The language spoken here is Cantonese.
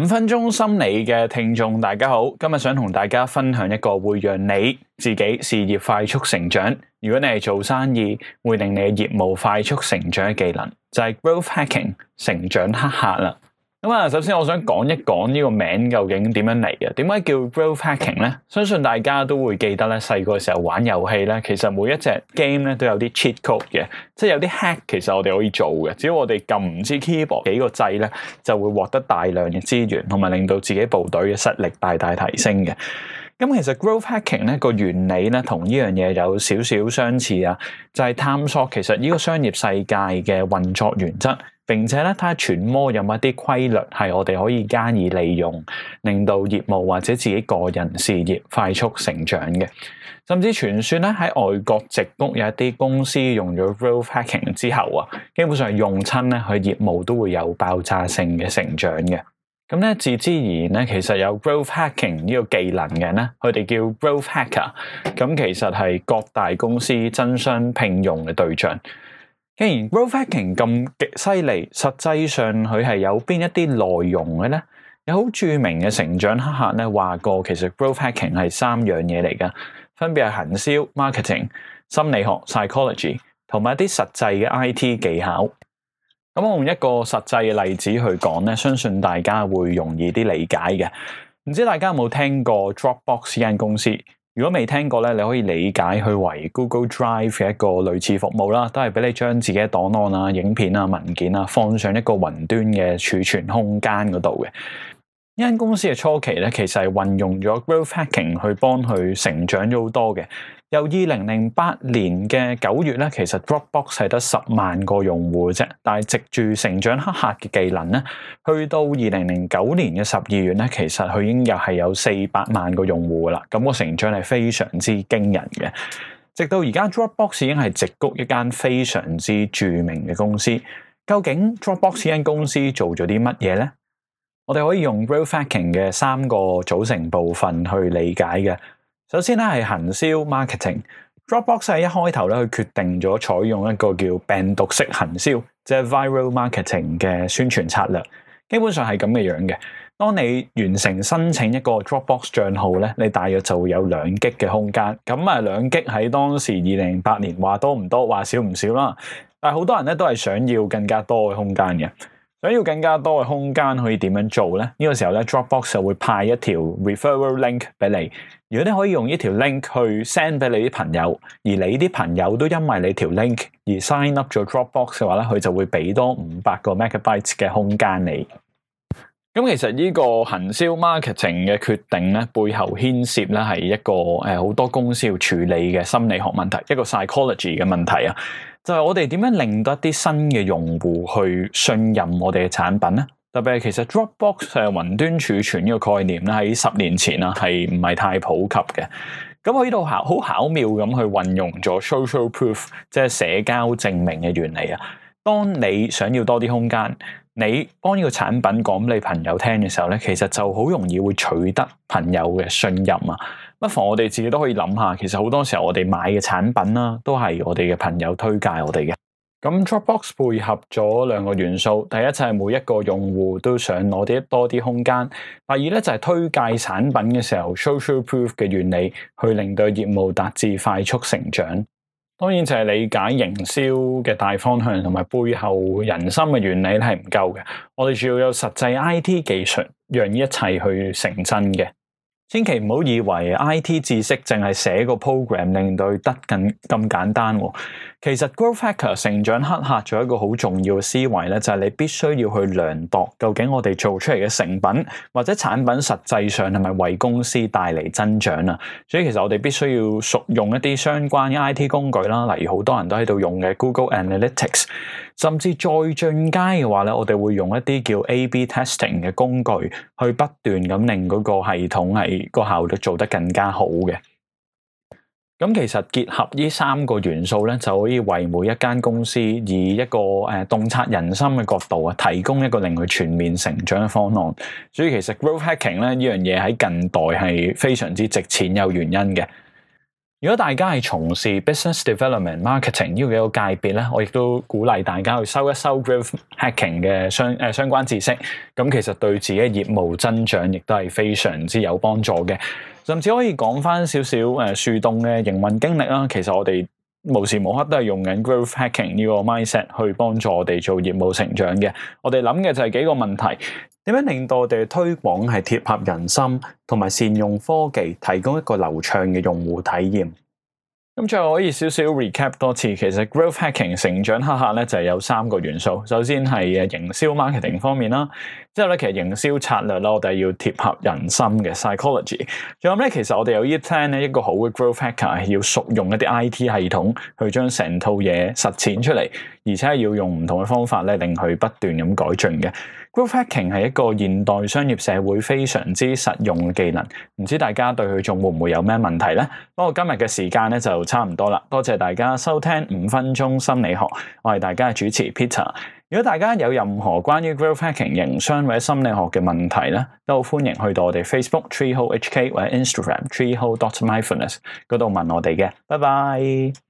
五分鐘心理嘅聽眾，大家好，今日想同大家分享一個會讓你自己事業快速成長。如果你係做生意，會令你嘅業務快速成長嘅技能，就係 Growth Hacking，成長黑客啦。咁啊，首先我想講一講呢個名究竟點樣嚟嘅？點解叫 growth hacking 咧？相信大家都會記得咧，細個時候玩遊戲咧，其實每一隻 game 咧都有啲 cheat code 嘅，即係有啲 hack，其實我哋可以做嘅。只要我哋撳唔知 keyboard 幾個掣咧，就會獲得大量嘅資源，同埋令到自己部隊嘅實力大大提升嘅。咁其實 growth hacking 咧個原理咧，同呢樣嘢有少少相似啊，就係探索其實呢個商業世界嘅運作原則。並且咧睇下傳播有冇一啲規律係我哋可以加以利用，令到業務或者自己個人事業快速成長嘅。甚至傳説咧喺外國矽谷有一啲公司用咗 growth hacking 之後啊，基本上用親咧佢業務都會有爆炸性嘅成長嘅。咁咧自之而然咧其實有 growth hacking 呢個技能嘅咧，佢哋叫 growth hacker，咁其實係各大公司爭相聘用嘅對象。既然 growth hacking 咁極犀利，實際上佢係有邊一啲內容嘅咧？有好著名嘅成長黑客咧話過，其實 growth hacking 係三樣嘢嚟噶，分別係行銷 marketing、心理學 psychology 同埋一啲實際嘅 IT 技巧。咁我用一個實際嘅例子去講咧，相信大家會容易啲理解嘅。唔知大家有冇聽過 Dropbox 間公司？如果未聽過咧，你可以理解佢為 Google Drive 嘅一個類似服務啦，都係俾你將自己嘅檔案啊、影片啊、文件啊放上一個雲端嘅儲存空間嗰度嘅。呢間公司嘅初期咧，其實係運用咗 growth hacking 去幫佢成長咗好多嘅。由二零零八年嘅九月咧，其實 Dropbox 係得十萬個用戶啫。但係藉住成長黑客嘅技能咧，去到二零零九年嘅十二月咧，其實佢已經又係有四百萬個用戶啦。咁個成長係非常之驚人嘅。直到而家 Dropbox 已經係直谷一間非常之著名嘅公司。究竟 Dropbox 呢間公司做咗啲乜嘢咧？我哋可以用 growth hacking 嘅三個組成部分去理解嘅。首先咧係行銷 marketing，Dropbox 喺一開頭咧佢決定咗採用一個叫病毒式行銷，即係 viral marketing 嘅宣傳策略。基本上係咁嘅樣嘅。當你完成申請一個 Dropbox 賬號咧，你大約就有兩 G 嘅空間。咁啊兩 G 喺當時二零零八年話多唔多，話少唔少啦。但係好多人咧都係想要更加多嘅空間嘅。想要更加多嘅空間可以點樣做呢？呢、呢個時候 Dropbox 就會派一條 referral link 俾你，如果你可以用一條 link 去 send 俾你啲朋友，而你啲朋友都因為你條 link 而 sign up 咗 Dropbox 嘅話咧，佢就會俾多五百個 megabytes 嘅空間你。咁其實呢個行銷 marketing 嘅決定咧，背後牽涉咧係一個誒好多公司要處理嘅心理學問題，一個 psychology 嘅問題啊。就係我哋點樣令到一啲新嘅用戶去信任我哋嘅產品咧？特別係其實 Dropbox 嘅雲端儲存呢個概念咧，喺十年前啊係唔係太普及嘅。咁我呢度好巧妙咁去運用咗 social proof，即係社交證明嘅原理啊。當你想要多啲空間。你幫呢個產品講你嘅朋友聽嘅時候咧，其實就好容易會取得朋友嘅信任啊！不妨我哋自己都可以諗下，其實好多時候我哋買嘅產品啦，都係我哋嘅朋友推介我哋嘅。咁 Dropbox 配合咗兩個元素，第一就係每一個用戶都想攞啲多啲空間；第二就係推介產品嘅時候，social proof 嘅原理去令到業務達至快速成長。當然就係理解營銷嘅大方向同埋背後人心嘅原理係唔夠嘅，我哋仲要有實際 IT 技術讓一切去成真嘅。千祈唔好以為 I T 知識淨係寫個 program 令到得咁咁簡單，哦。其實 Growth Hacking 成長黑客仲有一個好重要嘅思維咧，就係你必須要去量度究竟我哋做出嚟嘅成品或者產品實際上係咪為公司帶嚟增長啊所以其實我哋必須要熟用一啲相關 I T 工具啦，例如好多人都喺度用嘅 Google Analytics，甚至再進階嘅話咧，我哋會用一啲叫 A B testing 嘅工具去不斷咁令嗰個系統係。個效率做得更加好嘅，咁其實結合呢三個元素咧，就可以為每一間公司以一個誒洞察人心嘅角度啊，提供一個令佢全面成長嘅方案。所以其實 growth hacking 咧呢樣嘢喺近代係非常之值錢，有原因嘅。如果大家係從事 business development marketing 呢幾個界別咧，我亦都鼓勵大家去收一收 growth hacking 嘅相誒相關知識，咁其實對自己業務增長亦都係非常之有幫助嘅，甚至可以講翻少少誒樹洞嘅營運經歷啦。其實我哋無時無刻都係用緊 growth hacking 呢個 mindset 去幫助我哋做業務成長嘅。我哋諗嘅就係幾個問題。點樣令到我哋推廣係貼合人心，同埋善用科技，提供一個流暢嘅用戶體驗。咁最後可以少少 recap 多次，其實 growth hacking 成長黑客咧就係有三個元素。首先係誒營銷 marketing 方面啦，之後咧其實營銷策略啦，我哋要貼合人心嘅 psychology。仲有咧，其實我哋有一 plan 咧，一個好嘅 growth hacker 係要熟用一啲 IT 系統去將成套嘢實踐出嚟，而且係要用唔同嘅方法咧令佢不斷咁改進嘅。Growth Hacking 係一個現代商業社會非常之實用嘅技能，唔知道大家對佢仲會唔會有咩問題呢？不過今日嘅時間咧就差唔多啦，多謝大家收聽五分鐘心理學，我係大家嘅主持 Peter。如果大家有任何關於 Growth Hacking 營商或者心理學嘅問題咧，都歡迎去到我哋 Facebook Treehole HK 或者 Instagram Treehole.Mindfulness 嗰度問我哋嘅，拜拜。